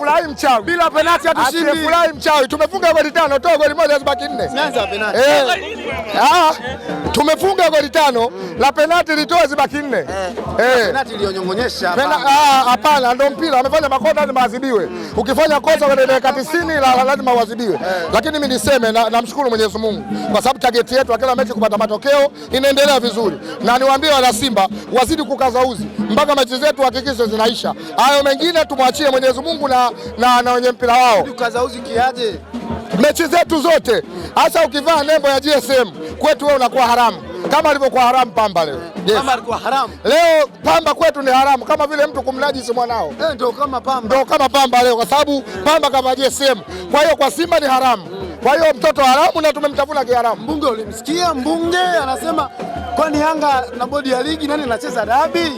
Asifurahi mchawi. Bila penalti hatushindi. Asifurahi mchawi. Tumefunga goli tano, toa goli moja zibaki nne. Nani penalti? Eh. Ah tumefunga goli tano mm. la penati litoa zibaki nne eh. Eh. Penati hapana, ah, mpira. Amefanya makosa lazima azibiwe mm. ukifanya kosa kwenye dakika 90 eh. la lazima uadhibiwe eh. Lakini mimi niseme na, namshukuru Mwenyezi Mungu kwa sababu target yetu kila mechi kupata matokeo inaendelea vizuri, na niwaambie wana Simba wazidi kukaza uzi mpaka mechi zetu hakikisho zinaisha. Hayo mengine tumwachie Mwenyezi Mungu na, na, na wenye mpira wao. Kukaza uzi kiaje? mechi zetu zote hasa ukivaa nembo ya GSM kwetu wewe unakuwa haramu kama alivyokuwa haramu pamba leo. Yes. Pamba alikuwa haramu. Leo pamba kwetu ni haramu kama vile mtu kumnajisi mwanao. Eh, ndio kama pamba. Ndio kama pamba leo kwa sababu pamba kama JSM. Kwa hiyo kwa Simba ni haramu. Kwa hiyo mtoto haramu na tumemtafuna kiharamu. Mbunge ulimsikia mbunge anasema kwani Yanga na bodi ya ligi nani anacheza dabi?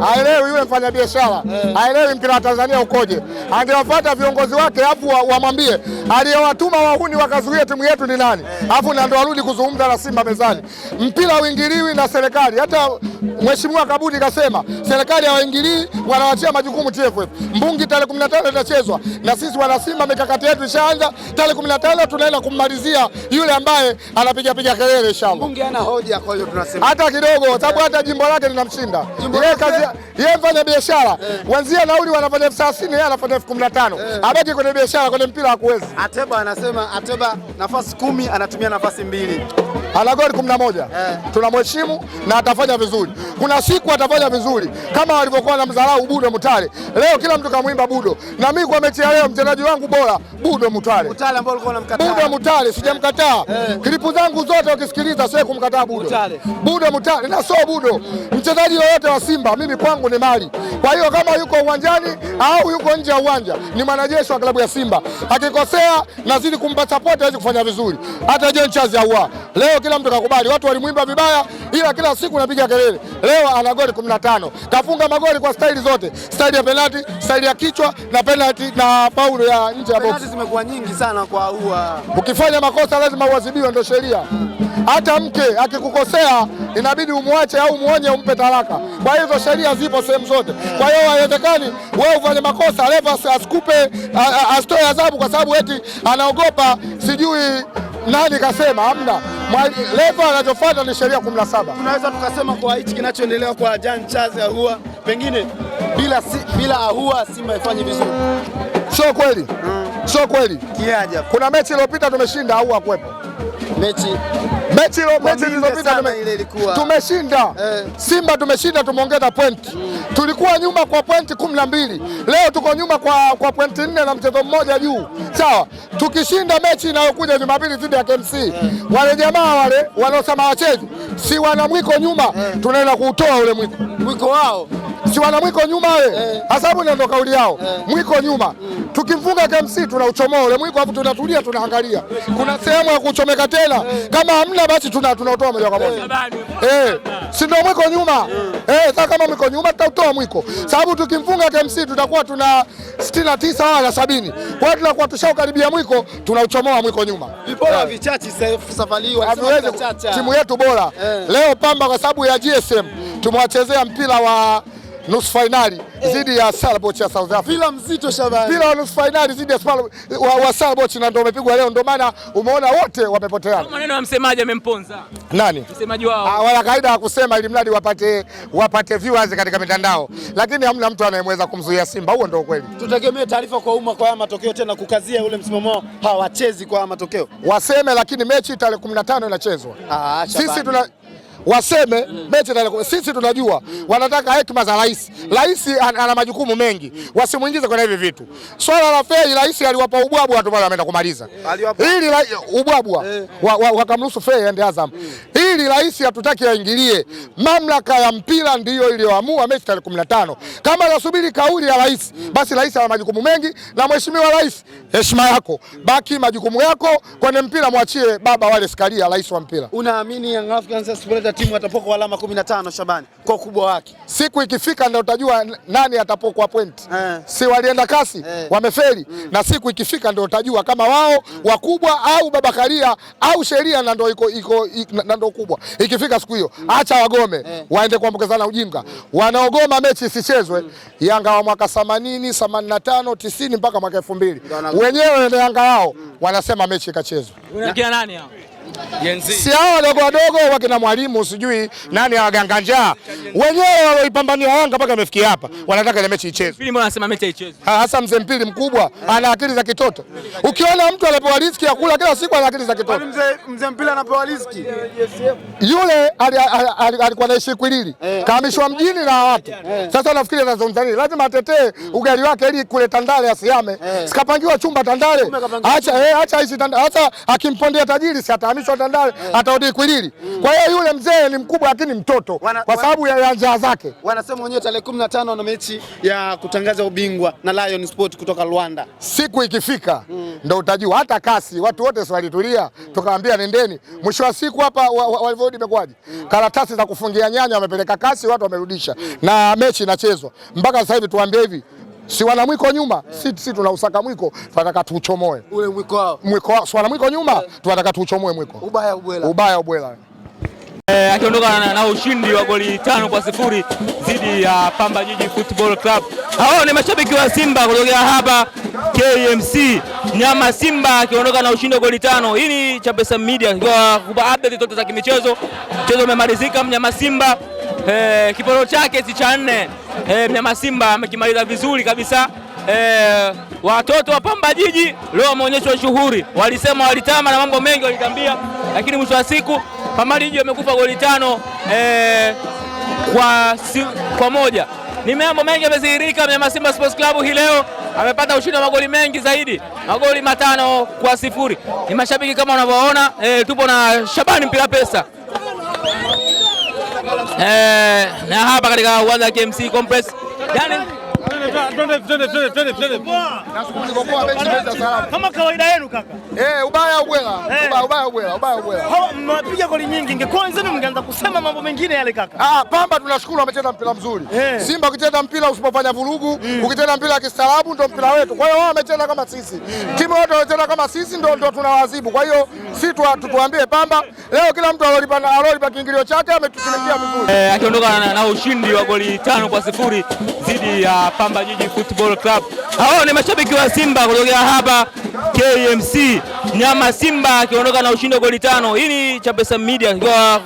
Haelewi yule mfanyabiashara. Eh. Haelewi mpira wa Tanzania ukoje. Angewafuata viongozi wake afu wamwambie wa aliyewatuma wahuni wakazuia timu yetu ni nani? Alafu na ndo arudi kuzungumza na Simba mezani. Mpira uingiliwi na serikali. Hata Mheshimiwa Kabudi kasema serikali hawaingilii, wanawachia majukumu TFF. Mbungi tarehe 15 inachezwa na sisi wana Simba, mikakati yetu ishaanza. Tarehe 15 tunaenda kummalizia yule ambaye anapiga piga kelele shamba. Mbungi ana hoja, kwa hiyo tunasema hata kidogo, sababu hata jimbo lake linamshinda yeye kazi yeye biashara eh. Wanzia nauli wanafanya elfu thelathini yeye anafanya elfu kumi na tano eh. Abaki kwenye biashara, kwenye mpira hakuwezi. Ateba anasema Ateba nafasi kumi anatumia nafasi mbili ana goli 11 na eh. Tunamheshimu na atafanya vizuri, kuna siku atafanya vizuri kama walivyokuwa na mdharau Budo Mutale. Leo kila mtu kamwimba Budo, na mimi kwa mechi ya leo mchezaji wangu bora Budo Mutale. Mutale ambaye ulikuwa unamkataa Budo Mutale, sijamkataa eh. eh. Kilipu zangu zote ukisikiliza, sio kumkataa Budo Mutale. Budo Mutale na sio Budo mchezaji yoyote wa Simba, mimi kwangu ni mali kwa hiyo kama yuko uwanjani au yuko nje ya uwanja, ni mwanajeshi wa klabu ya Simba. Akikosea nazidi kumpa sapoti aweze kufanya vizuri, hata John Charles aua leo. Kila mtu kakubali, watu walimwimba vibaya, ila kila siku napiga kelele. Leo ana goli 15 kafunga magoli kwa staili zote, staili ya penalti, staili ya kichwa na penalti na paulo ya nje ya box. Penalti zimekuwa nyingi sana kwa aua. Ukifanya makosa lazima uadhibiwe, ndio sheria. Hata mke akikukosea inabidi umwache au muonye, umpe talaka. Kwa hivyo sheria zipo sehemu zote. Kwa hiyo haiwezekani wewe ufanye makosa leva asikupe asitoe adhabu kwa sababu eti anaogopa sijui nani kasema. Hamna. leva anachofuata ni sheria kumi na saba. Tunaweza tukasema kwa hichi kinachoendelea kwa Jan Charles Ahoua, pengine bila, si, bila Ahua Simba ifanye vizuri. Sio kweli, hmm. sio kweli. Kuna mechi iliyopita tumeshinda au kuwepo mechi mechi zilizopita tumeshinda eh. Simba tumeshinda, tumeongeza pointi mm. Tulikuwa nyuma kwa pointi kumi na mbili mm. Leo tuko nyuma kwa, kwa pointi nne na mchezo mmoja juu mm. Sawa, tukishinda mechi inayokuja Jumapili dhidi ya KMC eh. Wale jamaa wale wanaosema wachezi si wana mwiko nyuma eh. Tunaenda kuutoa ule mwiko mwiko wao si wana mwiko nyuma we, eh. Asabu ndio kauli yao, eh. mwiko nyuma. mm. Tukimfunga KMC tunauchomoa ule mwiko, afu tunatulia, tunaangalia kuna sehemu ya kuchomeka tena, eh. kama hamna basi tunautoa moja kwa moja, eh. si ndio mwiko nyuma? eh, eh. kama mwiko nyuma, tutautoa mwiko, sababu tukimfunga KMC tutakuwa tuna sitini tisa wala sabini. Kwa hiyo tunakuwa tushaukaribia mwiko, tunauchomoa mwiko nyuma. Eh. Timu yetu bora leo Pamba, kwa sababu ya GSM tumewachezea mpira wa Eh. nusu fainali eh, zidi ya Stellenbosch ya South Africa. Bila mzito Shabani. Bila nusu fainali zidi ya wa, wa Stellenbosch na ndio umepigwa leo, ndio maana umeona wote wamepoteana. Kama maneno ya msemaji amemponza. Nani? Msemaji wao. Ah, Wala kaida kusema ili mradi wapate wapate viewers katika mitandao. Lakini hamna mtu anayemweza kumzuia Simba, huo ndio kweli. Tutegemee taarifa kwa umma kwa haya matokeo tena kukazia ule msimamo hawachezi kwa haya matokeo. Waseme, lakini mechi tarehe 15 inachezwa. Ah, sisi tuna waseme mechi itaenda. Sisi tunajua wanataka hekima za rais. Rais ana majukumu mengi, wasimuingize kwenye hivi vitu. Swala la fei, rais aliwapa ubwabwa watu pale, ameenda kumaliza hili ubwabwa, eh. wakamruhusu fei ende Azam. Hili rais hatutaki aingilie, mamlaka ya mpira ndiyo iliyoamua mechi tarehe kumi na tano. Kama anasubiri kauli ya rais, basi rais ana majukumu mengi. Na mheshimiwa rais, heshima yako baki majukumu yako kwenye mpira, mwachie baba wale Skaria, rais wa mpira. Unaamini Young Africans kumaliza timu atapokwa alama 15 Shabani, kwa ukubwa wake. Siku ikifika ndio utajua nani atapokwa point eh. Si walienda kasi eh. Wamefeli mm. Na siku ikifika ndio utajua kama wao mm. wakubwa au babakaria au sheria na ndio iko iko na ndio kubwa. Ikifika siku hiyo mm. acha wagome eh. Waende kuambukezana ujinga mm. Wanaogoma mechi isichezwe mm. Yanga wa mwaka 80 85 90 mpaka mwaka 2000 wenyewe ndio Yanga wao mm. Wanasema mechi ikachezwe. Unakia nani hao? si hao wadogo wadogo wakina mwalimu sijui nani waganga njaa wenyewe waloipambania Yanga mpaka amefikia hapa, wanataka ile mechi icheze. anasema mechi ichezwe. Hasa mzee mpili mkubwa ana akili za kitoto. Ukiona mtu anapewa riziki ya kula kila siku ana akili za kitoto. Mzee mzee mpili anapewa riziki, yule alikuwa anaishi Kwilili, eh. Kaamishwa mjini na watu eh. sasa, nafikiri anazungumza nini? Lazima atetee ugali wake ili kule Tandale asiame, eh. sikapangiwa chumba Tandale, acha acha hizi Tandale. Hata akimpondea tajiri si amehamishwa Tandale eh. atarudi Kwilili. Mm. Kwa hiyo yule mzee ni mkubwa, lakini mtoto kwa sababu ya njaa zake. Wanasema wenyewe tarehe 15 na mechi ya kutangaza ubingwa na Lion Sport kutoka Rwanda. Siku ikifika mm. ndo utajua, hata kasi watu wote si walitulia, mm. tukawaambia nendeni. Mwisho wa siku hapa walivyorudi imekwaje? Karatasi za kufungia nyanya wamepeleka kasi, watu wamerudisha na mechi inachezwa mpaka sasa hivi. Tuambie hivi si wana mwiko nyuma yeah. Si, si tunausaka mwiko, tunataka tuuchomoe ule mwiko wao, mwiko wao si wana mwiko nyuma yeah. Tunataka tuuchomoe mwiko, ubaya ubwela, ubaya ubwela. Eh, akiondoka na, na ushindi wa goli tano kwa sifuri dhidi ya uh, Pamba Jiji Football Club. Hao ni mashabiki wa Simba kutokea hapa KMC nyama. Simba akiondoka na ushindi wa goli tano. Hii ni Chapesa Media kwa update zote za kimichezo. Mchezo umemalizika, mnyama Simba eh, kiporo chake si cha nne e, mnyama Simba amekimaliza vizuri kabisa e, watoto wa Pamba Jiji leo wameonyeshwa shughuri walisema walitama na mambo mengi walitambia, lakini mwisho wa siku Pamba Jiji wamekufa goli tano e, kwa, si, kwa moja. Ni mambo mengi yamezihirika. Mnyama Simba Sports Club hii leo amepata ushindi wa magoli mengi zaidi, magoli matano kwa sifuri. Ni mashabiki kama unavyoona, e, tupo na Shabani mpira pesa eh, na hapa katika uwanja wa KMC Complex Yaani kama kawaida yenu kaka. Eh, ubaya ubwela. Eh. Ubaya ubwela, ubaya ubwela. Hao mnapiga goli nyingi. Ingekuwa wenzenu mngeanza kusema mambo mengine yale kaka. Ah, Pamba tunashukuru amecheza mpira mzuri. Eh. Simba ukicheza mpira usipofanya vurugu, mm. ukicheza mpira ya kistaarabu ndio mpira wetu. Kwa hiyo wao wamecheza kama sisi. Mm. Timu yote wamecheza kama sisi ndio ndio tunawaadhibu. Kwa hiyo si tutuambie Pamba leo kila mtu alolipa alolipa kiingilio chake ametutumikia vizuri. Eh, akiondoka na ushindi wa goli tano kwa sifuri dhidi ya Pamba Mwamba Jiji Football Club. Hao ni mashabiki wa Simba kutoka hapa KMC. Nyama Simba akiondoka na ushindi wa goli tano. Hii ni Chapesa Media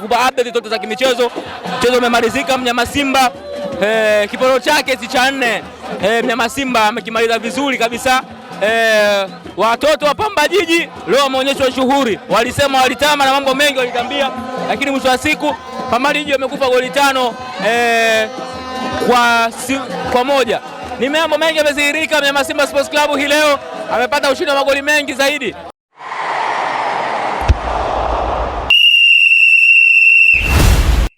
kwa update zote za kimichezo. Mchezo umemalizika, mnyama Simba eh, kiporo chake si cha nne. Eh, mnyama Simba amekimaliza vizuri kabisa. Eh, watoto wa Pamba Jiji leo wameonyeshwa shughuli, walisema walitama na mambo mengi walitambia, lakini mwisho wa siku Pamba Jiji wamekufa goli tano eh, kwa, si, kwa moja. Ni mambo mengi yamedhihirika. Mnyama Simba Sports Club hii leo amepata ushindi wa magoli mengi zaidi.